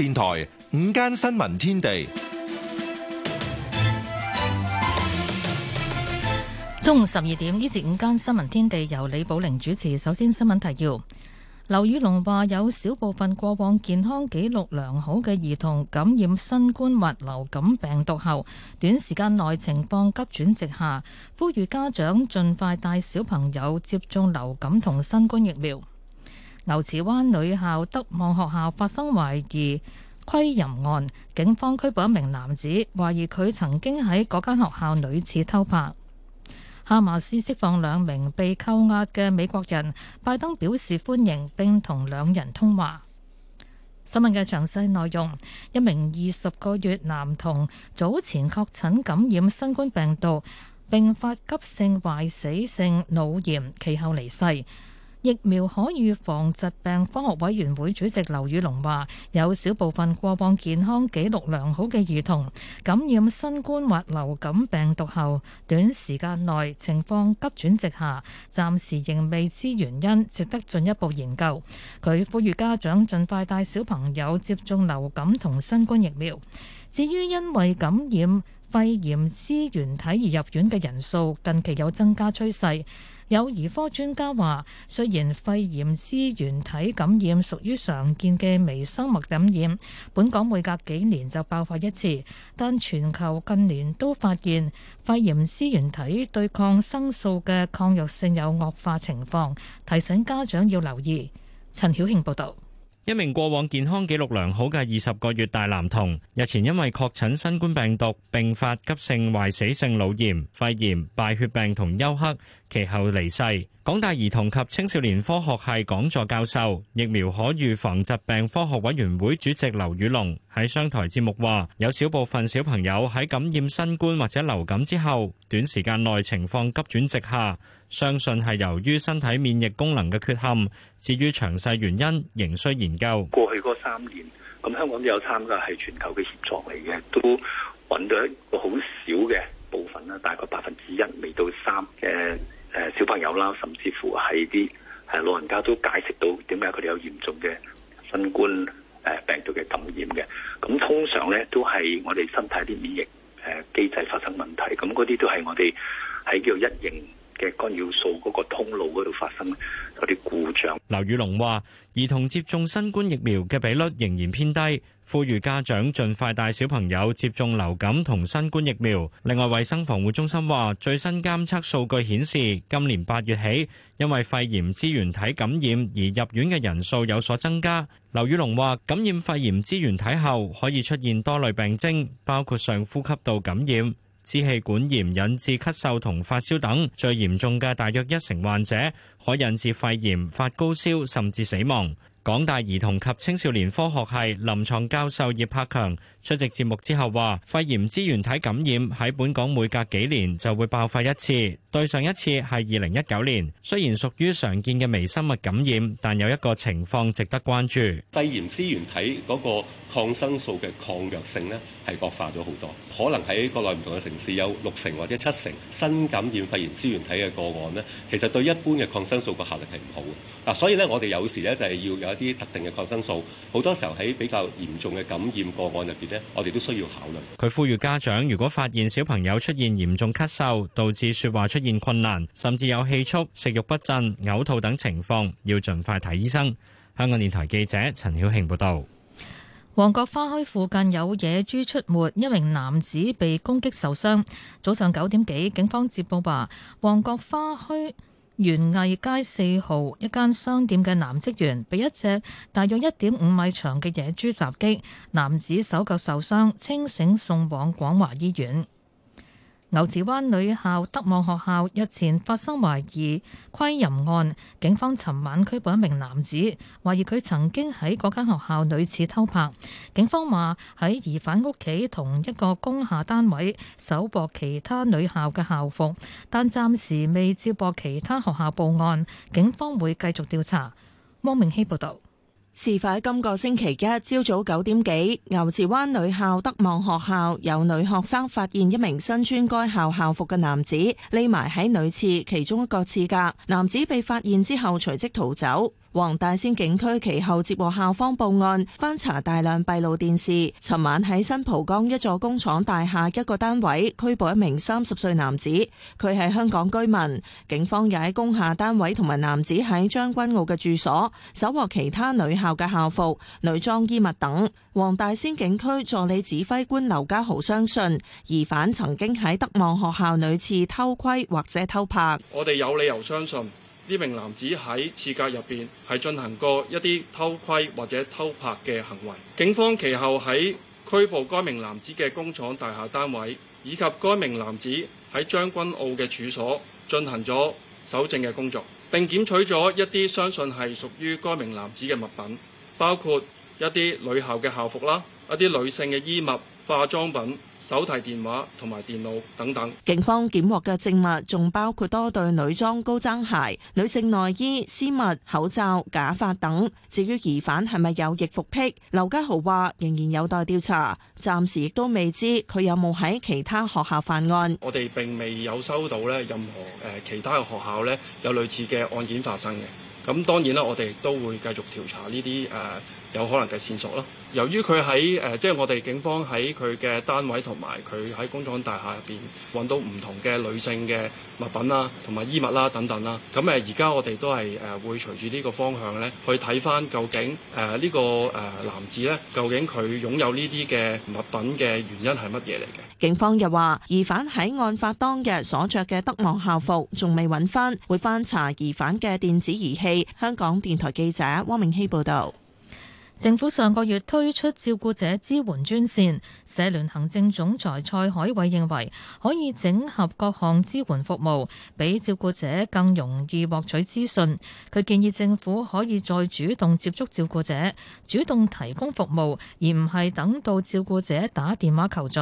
電台午間新聞天地，中午十二點，呢節午間新聞天地由李寶玲主持。首先新聞提要：劉宇龍話有少部分過往健康紀錄良好嘅兒童感染新冠或流感病毒後，短時間內情況急轉直下，呼籲家長盡快帶小朋友接種流感同新冠疫苗。牛池灣女校德望學校發生懷疑窺淫案，警方拘捕一名男子，懷疑佢曾經喺嗰間學校女廁偷拍。哈馬斯釋放兩名被扣押嘅美國人，拜登表示歡迎，並同兩人通話。新聞嘅詳細內容：一名二十個月男童早前確診感染新冠病毒，併發急性壞死性腦炎，其後離世。疫苗可預防疾病科學委員會主席劉宇龍話，有少部分過往健康記錄良好嘅兒童感染新冠或流感病毒後，短時間內情況急轉直下，暫時仍未知原因，值得進一步研究。佢呼籲家長盡快帶小朋友接種流感同新冠疫苗。至於因為感染，肺炎支原體而入院嘅人數近期有增加趨勢，有兒科專家話，雖然肺炎支原體感染屬於常見嘅微生物感染，本港每隔幾年就爆發一次，但全球近年都發現肺炎支原體對抗生素嘅抗藥性有惡化情況，提醒家長要留意。陳曉慶報道。一名過往健康記錄良好嘅二十個月大男童，日前因為確診新冠病毒，並發急性壞死性腦炎、肺炎、敗血病同休克，其後離世。港大兒童及青少年科學系講座教授、疫苗可預防疾病科學委員會主席劉宇隆喺商台節目話：有少部分小朋友喺感染新冠或者流感之後，短時間內情況急轉直下。相信係由於身體免疫功能嘅缺陷。至於詳細原因，仍需研究。過去嗰三年，咁香港都有參加係全球嘅協作嚟嘅，都揾到一個好少嘅部分啦，大概百分之一，未到三嘅誒小朋友啦，甚至乎係啲誒老人家都解釋到點解佢哋有嚴重嘅新冠誒病毒嘅感染嘅。咁通常咧都係我哋身體啲免疫誒機制發生問題，咁嗰啲都係我哋喺叫做一型，嘅干擾素嗰個通路嗰度發生有啲故障。劉宇龍話：兒童接種新冠疫苗嘅比率仍然偏低，呼籲家長盡快帶小朋友接種流感同新冠疫苗。另外，衛生防護中心話，最新監測數據顯示，今年八月起，因為肺炎支原體感染而入院嘅人數有所增加。劉宇龍話：感染肺炎支原體後，可以出現多類病徵，包括上呼吸道感染。支氣管炎引致咳嗽同發燒等，最嚴重嘅大約一成患者可引致肺炎、發高燒甚至死亡。港大兒童及青少年科學系臨牀教授葉柏強。出席節目之後話：肺炎支原體感染喺本港每隔幾年就會爆發一次，對上一次係二零一九年。雖然屬於常見嘅微生物感染，但有一個情況值得關注。肺炎支原體嗰個抗生素嘅抗藥性呢係惡化咗好多，可能喺國內唔同嘅城市有六成或者七成新感染肺炎支原體嘅個案呢，其實對一般嘅抗生素個效力係唔好。嗱，所以呢，我哋有時呢就係要有一啲特定嘅抗生素，好多時候喺比較嚴重嘅感染個案入邊。我哋都需要考慮。佢呼籲家長，如果發現小朋友出現嚴重咳嗽、導致説話出現困難，甚至有氣促、食慾不振、嘔吐等情況，要盡快睇醫生。香港電台記者陳曉慶報導：「旺角花墟附近有野豬出沒，一名男子被攻擊受傷。早上九點幾，警方接報話，旺角花墟，元藝街四號一間商店嘅男職員被一隻大約一點五米長嘅野豬襲擊，男子手腳受傷，清醒送往廣華醫院。牛池灣女校德望學校日前發生懷疑窺淫案，警方尋晚拘捕一名男子，懷疑佢曾經喺嗰間學校女廁偷拍。警方話喺疑犯屋企同一個工廈單位搜獲其他女校嘅校服，但暫時未接獲其他學校報案。警方會繼續調查。汪明希報道。事發喺今個星期一朝早九點幾，牛池灣女校德望學校有女學生發現一名身穿該校校服嘅男子匿埋喺女廁其中一個廁格，男子被發現之後隨即逃走。黃大仙警區其後接獲校方報案，翻查大量閉路電視。尋晚喺新蒲崗一座工廠大廈一個單位拘捕一名三十歲男子，佢係香港居民。警方又喺工廈單位同埋男子喺將軍澳嘅住所搜獲其他女校嘅校服、女裝衣物等。黃大仙警區助理指揮官劉家豪相信，疑犯曾經喺德望學校屢次偷窺或者偷拍。我哋有理由相信。呢名男子喺廁格入邊係進行過一啲偷窺或者偷拍嘅行為。警方其後喺拘捕該名男子嘅工廠大廈單位，以及該名男子喺將軍澳嘅處所進行咗搜證嘅工作，並檢取咗一啲相信係屬於該名男子嘅物品，包括一啲女校嘅校服啦，一啲女性嘅衣物。化妝品、手提電話同埋電腦等等，警方檢獲嘅證物仲包括多對女裝高踭鞋、女性內衣、絲襪、口罩、假髮等。至於疑犯係咪有易服癖，劉家豪話仍然有待調查，暫時亦都未知佢有冇喺其他學校犯案。我哋並未有收到咧任何誒其他學校咧有類似嘅案件發生嘅，咁當然啦，我哋都會繼續調查呢啲誒。呃有可能嘅線索咯。由於佢喺誒即係我哋警方喺佢嘅單位同埋佢喺工廠大廈入邊揾到唔同嘅女性嘅物品啦，同埋衣物啦等等啦。咁誒而家我哋都係誒會隨住呢個方向咧，去睇翻究竟誒呢個誒男子咧，究竟佢擁有呢啲嘅物品嘅原因係乜嘢嚟嘅？警方又話，疑犯喺案發當日所着嘅德望校服仲未揾翻，會翻查疑犯嘅電子儀器。香港電台記者汪明熙報道。政府上個月推出照顧者支援專線，社聯行政總裁蔡海偉認為可以整合各項支援服務，俾照顧者更容易獲取資訊。佢建議政府可以再主動接觸照顧者，主動提供服務，而唔係等到照顧者打電話求助。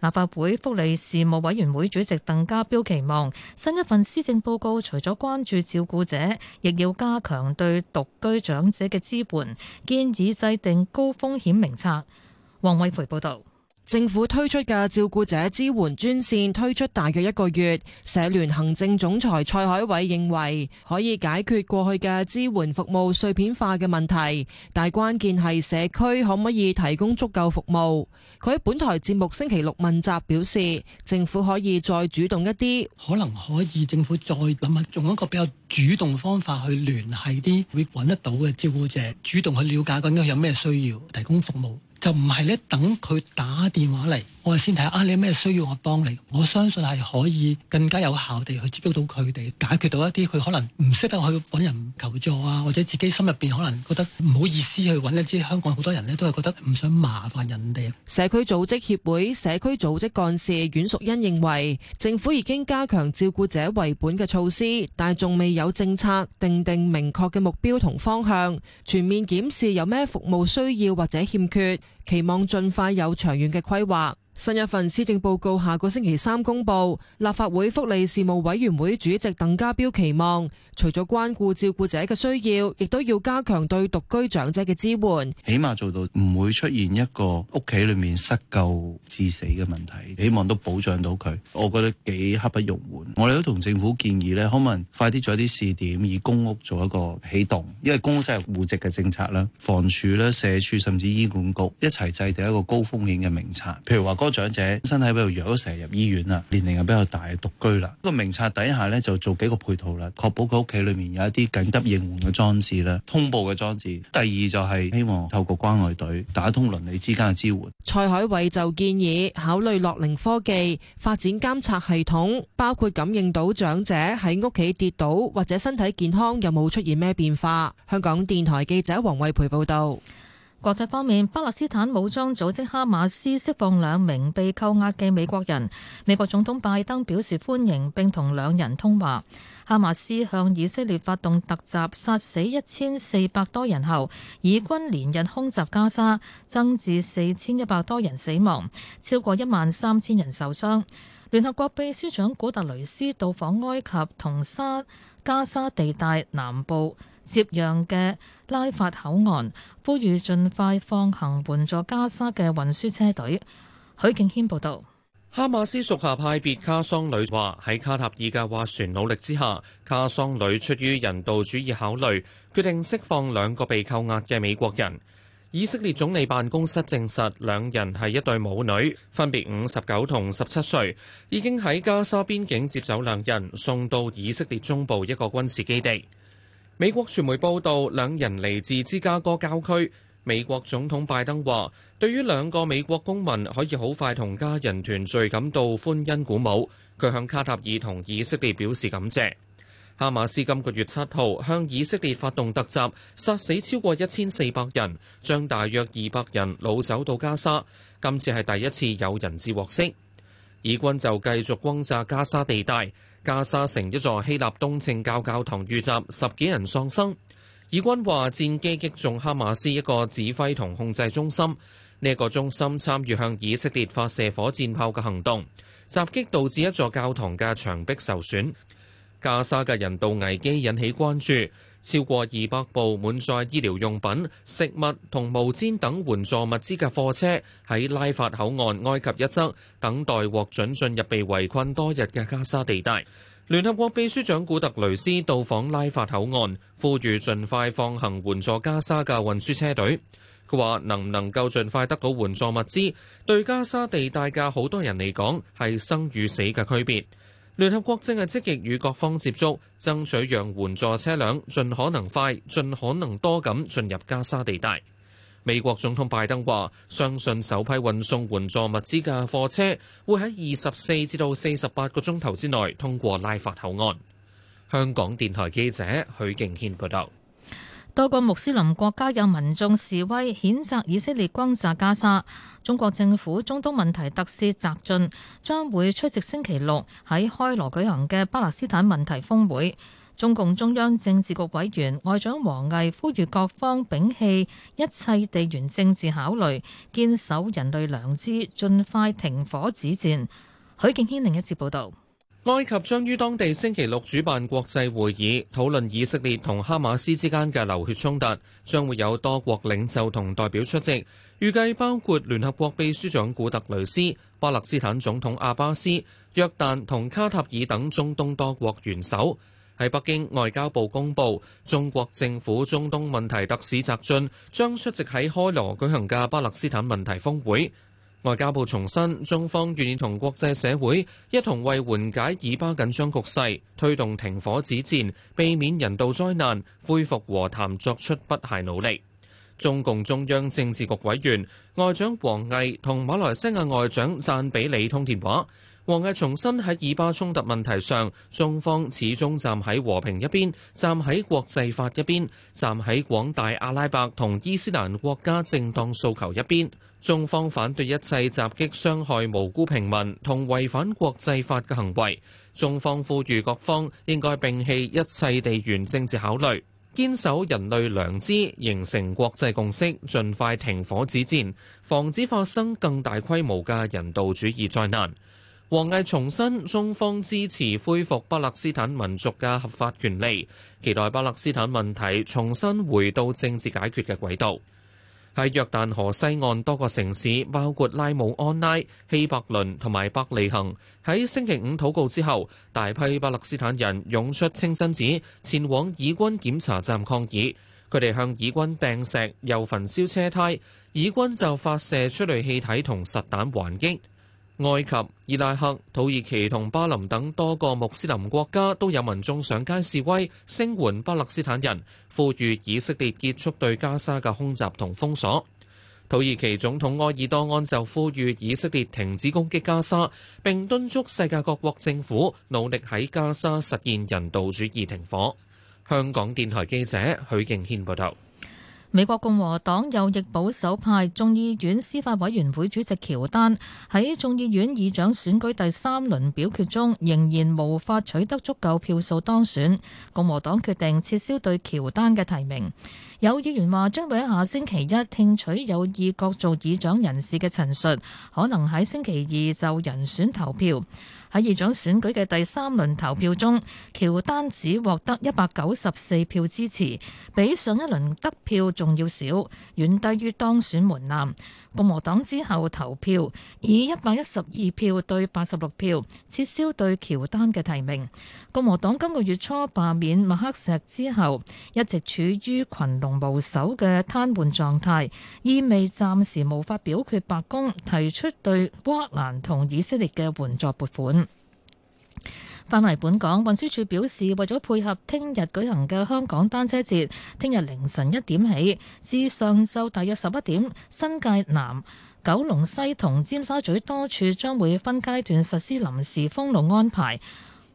立法會福利事務委員會主席鄧家彪期望新一份施政報告除咗關注照顧者，亦要加強對獨居長者嘅支援，建議以制定高風險名冊。黃偉培報道。政府推出嘅照顧者支援專線推出大約一個月，社聯行政總裁蔡海偉認為可以解決過去嘅支援服務碎片化嘅問題，但係關鍵係社區可唔可以提供足夠服務。佢喺本台節目星期六問責表示，政府可以再主動一啲，可能可以政府再諗下，用一個比較主動嘅方法去聯繫啲會揾得到嘅照顧者，主動去了解佢有咩需要，提供服務。就唔係咧，等佢打電話嚟，我哋先睇下啊，你有咩需要我幫你？我相信係可以更加有效地去接觸到佢哋，解決到一啲佢可能唔識得去揾人求助啊，或者自己心入邊可能覺得唔好意思去揾一啲。香港好多人咧都係覺得唔想麻煩人哋啊。社區組織協會社區組織幹事阮淑欣認為政府已經加強照顧者為本嘅措施，但係仲未有政策定定明確嘅目標同方向，全面檢視有咩服務需要或者欠缺。期望盡快有長遠嘅規劃。新一份施政報告下個星期三公布，立法會福利事務委員會主席鄧家彪期望，除咗關顧照顧者嘅需要，亦都要加強對獨居長者嘅支援。起碼做到唔會出現一個屋企裏面失救致死嘅問題，希望都保障到佢。我覺得幾刻不容緩。我哋都同政府建議咧，可唔可以快啲做一啲試點，以公屋做一個起動，因為公屋真係戶籍嘅政策啦。房署啦，社署甚至醫管局一齊制定一個高風險嘅名冊，譬如話。多長者身體比較弱，成日入醫院啦，年齡又比較大，獨居啦。個名冊底下咧，就做幾個配套啦，確保佢屋企裏面有一啲緊急應援嘅裝置啦，通報嘅裝置。第二就係希望透過關愛隊打通鄰里之間嘅支援。蔡海偉就建議考慮樂齡科技發展監察系統，包括感應到長者喺屋企跌倒或者身體健康有冇出現咩變化。香港電台記者黃惠培報道。國際方面，巴勒斯坦武裝組織哈馬斯釋放兩名被扣押嘅美國人，美國總統拜登表示歡迎並同兩人通話。哈馬斯向以色列發動突襲，殺死一千四百多人後，以軍連日空襲加沙，增至四千一百多人死亡，超過一萬三千人受傷。聯合國秘書長古特雷斯到訪埃及同沙加沙地帶南部。接壤嘅拉法口岸，呼籲盡快放行援助加沙嘅運輸車隊。許敬軒報道。哈馬斯屬下派別卡桑女話：喺卡塔爾嘅划船努力之下，卡桑女出於人道主義考慮，決定釋放兩個被扣押嘅美國人。以色列總理辦公室證實兩人係一對母女，分別五十九同十七歲，已經喺加沙邊境接走兩人，送到以色列中部一個軍事基地。美國傳媒報道，兩人嚟自芝加哥郊區。美國總統拜登話：對於兩個美國公民可以好快同家人團聚，感到歡欣鼓舞。佢向卡塔爾同以色列表示感謝。哈馬斯今個月七號向以色列發動突襲，殺死超過一千四百人，將大約二百人擄走到加沙。今次係第一次有人質獲釋，以軍就繼續轟炸加沙地帶。加沙城一座希臘東正教教堂遇襲，十幾人喪生。以軍話戰機擊中哈馬斯一個指揮同控制中心，呢一個中心參與向以色列發射火箭炮嘅行動，襲擊導致一座教堂嘅牆壁受損，加沙嘅人道危機引起關注。超過二百部滿載醫療用品、食物同毛毯等援助物資嘅貨車喺拉法口岸埃及一側等待獲准進入被圍困多日嘅加沙地帶。聯合國秘書長古特雷斯到訪拉法口岸，呼籲盡快放行援助加沙嘅運輸車隊。佢話：能唔能夠盡快得到援助物資，對加沙地帶嘅好多人嚟講，係生與死嘅區別。聯合國正係積極與各方接觸，爭取讓援助車輛盡可能快、盡可能多咁進入加沙地帶。美國總統拜登話，相信首批運送援助物資嘅貨車會喺二十四至到四十八個鐘頭之內通過拉法口岸。香港電台記者許敬軒報道。多個穆斯林國家有民眾示威，譴責以色列轟炸加沙。中國政府中東問題特使翟隽將會出席星期六喺開羅舉行嘅巴勒斯坦問題峰會。中共中央政治局委員外長王毅呼籲各方摒棄一切地緣政治考慮，堅守人類良知，盡快停火止戰。許敬軒另一次報道。埃及將於當地星期六主辦國際會議，討論以色列同哈馬斯之間嘅流血衝突，將會有多國領袖同代表出席，預計包括聯合國秘書長古特雷斯、巴勒斯坦總統阿巴斯、約旦同卡塔爾等中東多國元首。喺北京外交部公佈，中國政府中東問題特使翟雋將出席喺開羅舉行嘅巴勒斯坦問題峰會。外交部重申，中方願意同國際社會一同為緩解以巴緊張局勢、推動停火止戰、避免人道災難、恢復和談作出不懈努力。中共中央政治局委員外長王毅同馬來西亞外長贊比里通電話。王毅重申喺以巴衝突問題上，中方始終站喺和平一邊，站喺國際法一邊，站喺廣大阿拉伯同伊斯蘭國家正當訴求一邊。中方反對一切襲擊、傷害無辜平民同違反國際法嘅行為。中方呼籲各方應該摒棄一切地緣政治考慮，堅守人類良知，形成國際共識，盡快停火止戰，防止發生更大規模嘅人道主義災難。王毅重申，中方支持恢復巴勒斯坦民族嘅合法權利，期待巴勒斯坦問題重新回到政治解決嘅軌道。喺約旦河西岸多個城市，包括拉姆安拉、希伯倫同埋伯利恆，喺星期五禱告之後，大批巴勒斯坦人湧出清真寺，前往以軍檢查站抗議。佢哋向以軍掟石，又焚燒車胎，以軍就發射催淚氣體同實彈還擊。埃及、伊拉克、土耳其同巴林等多個穆斯林國家都有民眾上街示威，聲援巴勒斯坦人，呼籲以色列結束對加沙嘅空襲同封鎖。土耳其總統埃爾多安就呼籲以色列停止攻擊加沙，並敦促世界各國政府努力喺加沙實現人道主義停火。香港電台記者許敬軒報道。美國共和黨右翼保守派眾議院司法委員會主席喬丹喺眾議院議長選舉第三輪表決中仍然無法取得足夠票數當選，共和黨決定撤銷對喬丹嘅提名。有議員話將會喺下星期一聽取有意角逐議長人士嘅陳述，可能喺星期二就人選投票。喺議長選舉嘅第三輪投票中，喬丹只獲得一百九十四票支持，比上一輪得票仲要少，遠低於當選門檻。共和黨之後投票，以一百一十二票對八十六票，撤銷對喬丹嘅提名。共和黨今個月初罷免麥克錫之後，一直處於群龍無首嘅癱瘓狀態，意味暫時無法表決白宮提出對烏克蘭同以色列嘅援助撥款。返嚟本港運輸署表示，為咗配合聽日舉行嘅香港單車節，聽日凌晨一點起至上晝大約十一點，新界南、九龍西同尖沙咀多處將會分階段實施臨時封路安排。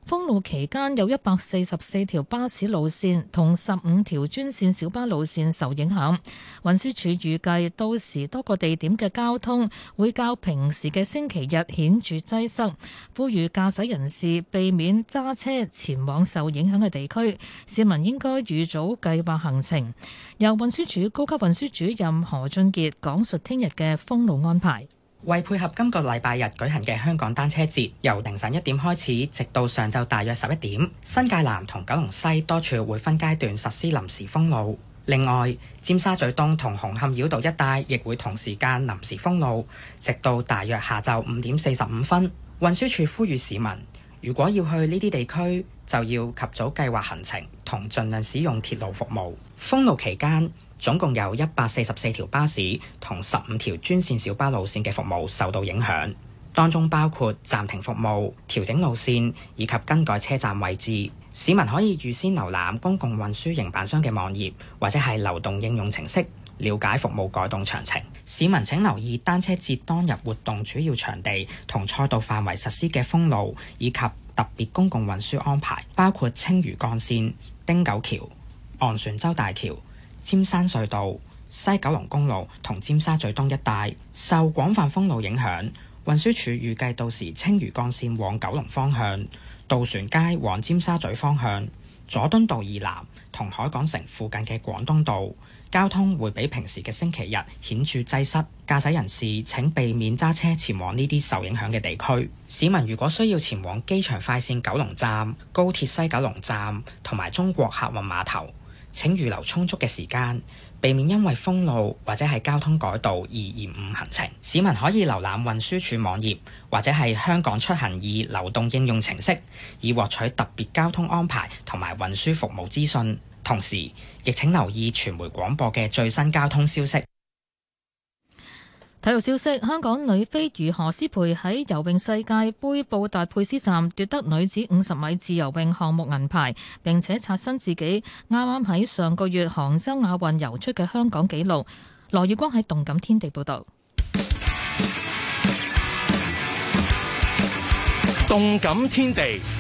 封路期間，有一百四十四條巴士路線同十五條專線小巴路線受影響。運輸署預計到時多個地點嘅交通會較平時嘅星期日顯著擠塞，呼籲駕駛人士避免揸車前往受影響嘅地區。市民應該預早計劃行程。由運輸署高級運輸主任何俊傑講述聽日嘅封路安排。為配合今個禮拜日舉行嘅香港單車節，由凌晨一點開始，直到上晝大約十一點，新界南同九龍西多處會分階段實施臨時封路。另外，尖沙咀東同紅磡繞道一帶亦會同時間臨時封路，直到大約下晝五點四十五分。運輸署呼籲市民，如果要去呢啲地區，就要及早計劃行程，同盡量使用鐵路服務。封路期間，總共有一百四十四條巴士同十五條專線小巴路線嘅服務受到影響，當中包括暫停服務、調整路線以及更改車站位置。市民可以預先瀏覽公共運輸營辦商嘅網頁或者係流動應用程式，了解服務改動詳情。市民請留意單車節當日活動主要場地同賽道範圍實施嘅封路，以及特別公共運輸安排，包括青嶼幹線、汀九橋、昂船洲大橋、尖山隧道、西九龍公路同尖沙咀東一帶受廣泛封路影響，運輸署預計到時青嶼幹線往九龍方向、渡船街往尖沙咀方向、佐敦道以南同海港城附近嘅廣東道交通會比平時嘅星期日顯著擠塞，駕駛人士請避免揸車前往呢啲受影響嘅地區。市民如果需要前往機場快線九龍站、高鐵西九龍站同埋中國客運碼頭。請預留充足嘅時間，避免因為封路或者係交通改道而延誤行程。市民可以瀏覽運輸署網頁或者係香港出行易流動應用程式，以獲取特別交通安排同埋運輸服務資訊。同時，亦請留意傳媒廣播嘅最新交通消息。體育消息：香港女飛魚何詩蓓喺游泳世界杯布達佩斯站奪得女子五十米自由泳項目銀牌，並且刷新自己啱啱喺上個月杭州亞運游出嘅香港紀錄。羅月光喺動感天地報道。動感天地。報導動感天地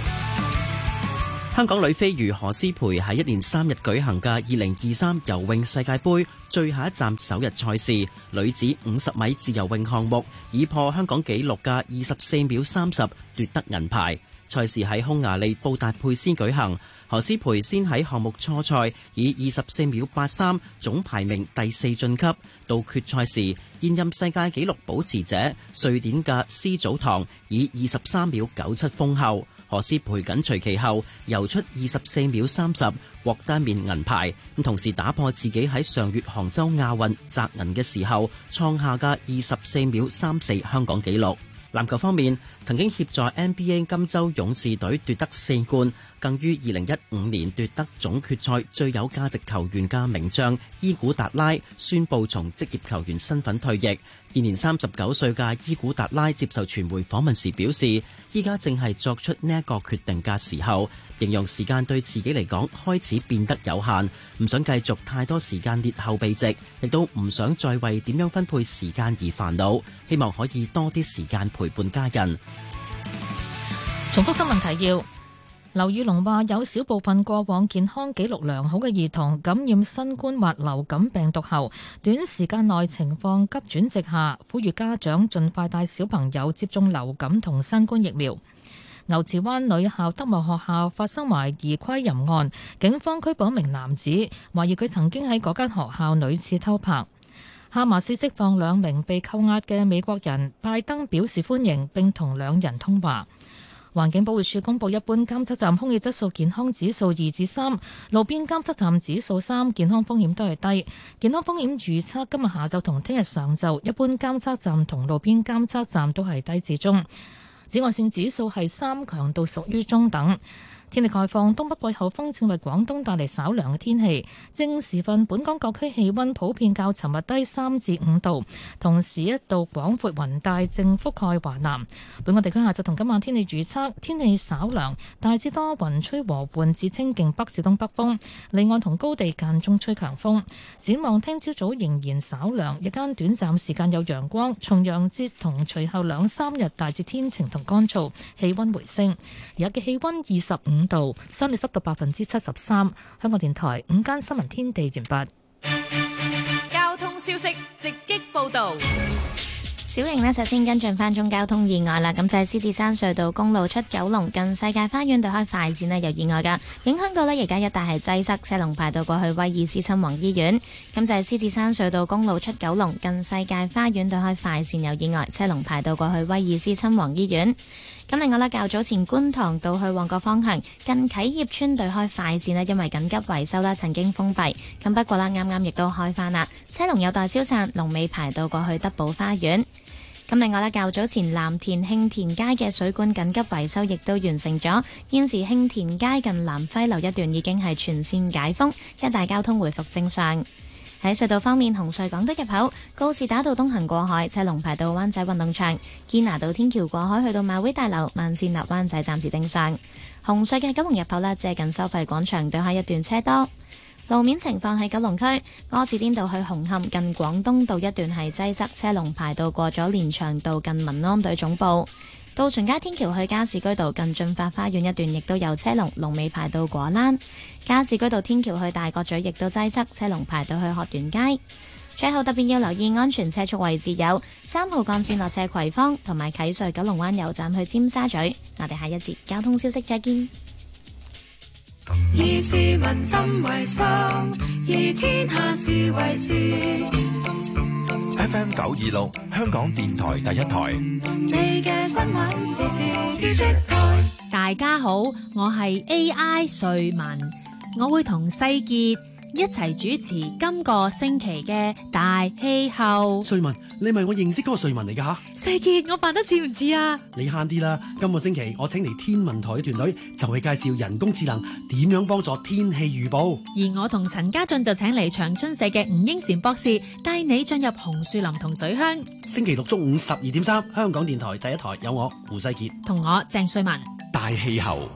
香港女飛魚何思培喺一連三日舉行嘅二零二三游泳世界杯最後一站首日賽事女子五十米自由泳項目，以破香港紀錄嘅二十四秒三十奪得銀牌。賽事喺匈牙利布達佩斯舉行，何思培先喺項目初賽以二十四秒八三總排名第四晉級，到決賽時現任世界紀錄保持者瑞典嘅斯祖堂以二十三秒九七封后。何詩蓓緊隨其後，游出二十四秒三十，獲單面銀牌，同時打破自己喺上月杭州亞運摘銀嘅時候創下嘅二十四秒三四香港紀錄。籃球方面，曾經協助 NBA 金州勇士隊奪得四冠，更於二零一五年奪得總決賽最有價值球員嘅名將伊古達拉宣布從職業球員身份退役。現年三十九歲嘅伊古達拉接受傳媒訪問時表示，依家正係作出呢一個決定嘅時候。形容時間對自己嚟講開始變得有限，唔想繼續太多時間列後備席，亦都唔想再為點樣分配時間而煩惱，希望可以多啲時間陪伴家人。重複新聞提要：劉宇龍話，有少部分過往健康記錄良好嘅兒童感染新冠或流感病毒後，短時間內情況急轉直下，呼籲家長盡快帶小朋友接種流感同新冠疫苗。牛池灣女校德望學校發生懷疑窺淫案，警方拘捕一名男子，懷疑佢曾經喺嗰間學校屢次偷拍。哈馬斯釋放兩名被扣押嘅美國人，拜登表示歡迎，並同兩人通話。環境保護署公布一般監測站空氣質素健康指數二至三，路邊監測站指數三，健康風險都係低。健康風險預測今日下晝同聽日上晝，一般監測站同路邊監測站都係低至中。紫外線指數係三強度，屬於中等。天氣概況：東北季候風正為廣東帶嚟稍涼嘅天氣。正時分，本港各區氣溫普遍較尋日低三至五度。同時，一道廣闊雲帶正覆蓋華南。本港地區下晝同今晚天氣預測：天氣稍涼，大致多雲，吹和緩至清勁北至東北風。離岸同高地間中吹強風。展望聽朝早仍然稍涼，日間短暫時間有陽光。重陽節同隨後兩三日大致天晴同乾燥，氣温回升。而家嘅氣温二十五。溫度，相對濕度百分之七十三。香港電台午間新聞天地，完畢。交通消息直擊報道。小型咧，首先跟進翻中交通意外啦。咁就係、是、獅子山隧道公路出九龍近世界花園對開快線咧有意外噶，影響到呢。而家一帶係擠塞，車龍排到過去威爾斯親王醫院。咁就係、是、獅子山隧道公路出九龍近世界花園對開快線有意外，車龍排到過去威爾斯親王醫院。咁另外咧，較早前觀塘道去旺角方向，近啟業村對開快線咧，因為緊急維修咧，曾經封閉。咁不過咧，啱啱亦都開返啦，車龍有待消散，龍尾排到過去德寶花園。咁另外咧，較早前藍田興田街嘅水管緊急維修亦都完成咗，現時興田街近南輝樓一段已經係全線解封，一大交通回復正常。喺隧道方面，紅隧港島入口、告士打道東行過海、車龍排到灣仔運動場、堅拿道天橋過海去到馬會大樓、萬綫立灣仔暫時正常。紅隧嘅九龍入口咧，接近收費廣場對下一段車多，路面情況喺九龍區，柯士甸道去紅磡近廣東道一段係擠塞，車龍排到過咗連翔道近民安隊總部。到渡船街天橋去加士居道近駿發花園一段，亦都有車龍，龍尾排到果欄。加士居道天橋去大角咀，亦都擠塞，車龍排到去學園街。最後特別要留意安全車速位置有三號幹線落車葵芳，同埋啟瑞九龍灣油站去尖沙咀。我哋下一節交通消息再見。以市民心為心，以天下事為事。FM 九二六，香港電台第一台。謝謝台，大家好，我係 AI 瑞文，我會同世杰。一齊主持今個星期嘅大氣候。瑞文，你係咪我認識嗰個瑞文嚟噶吓？世杰，我扮得似唔似啊？你慳啲啦！今個星期我請嚟天文台嘅團隊，就係、是、介紹人工智能點樣幫助天氣預報。而我同陳家俊就請嚟長春社嘅吳英賢博士，帶你進入紅樹林同水鄉。星期六中午十二點三，香港電台第一台有我胡世杰同我鄭瑞文大氣候。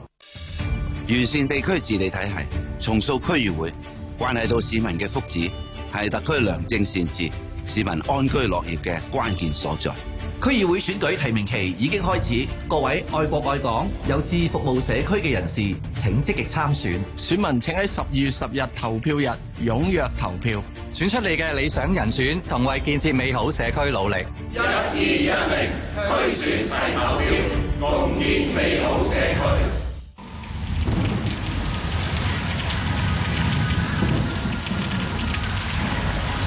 完善地區治理體系，重塑區議會。關係到市民嘅福祉，係特區良政善治、市民安居樂業嘅關鍵所在。區議會選舉提名期已經開始，各位愛國愛港、有志服務社區嘅人士，請積極參選。選民請喺十二月十日投票日踴躍投票，選出你嘅理想人選，同為建設美好社區努力。一二一零，推選制投票，共建美好社區。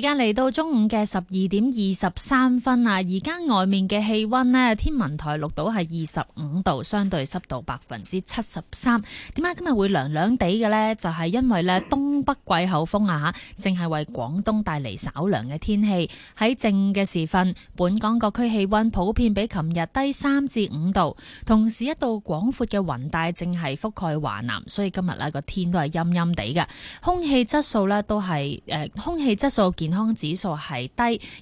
而家嚟到中午嘅十二點二十三分啊！而家外面嘅氣溫呢，天文台錄到係二十五度，相對濕度百分之七十三。點解今日會涼涼地嘅呢？就係、是、因為呢東北季候風啊吓，正係為廣東帶嚟稍涼嘅天氣。喺正午嘅時分，本港各區氣溫普遍比琴日低三至五度。同時，一道廣闊嘅雲帶正係覆蓋華南，所以今日呢個天都係陰陰地嘅，空氣質素呢都係誒、呃、空氣質素健，健康指數係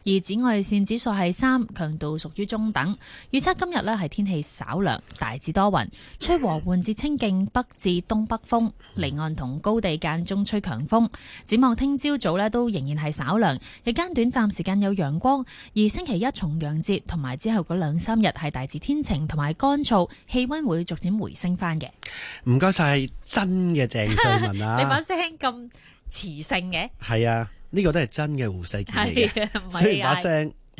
低，而紫外線指數係三，強度屬於中等。預測今日呢係天氣稍涼，大致多雲，吹和緩至清勁北至東北風，離岸同高地間中吹強風。展望聽朝早呢都仍然係稍涼，日間短暫時間有陽光，而星期一重陽節同埋之後嗰兩三日係大致天晴同埋乾燥，氣溫會逐漸回升翻嘅。唔該晒，真嘅鄭秀文啊！你把聲咁磁性嘅，係啊。呢個都係真嘅胡世傑嚟嘅，雖然把聲。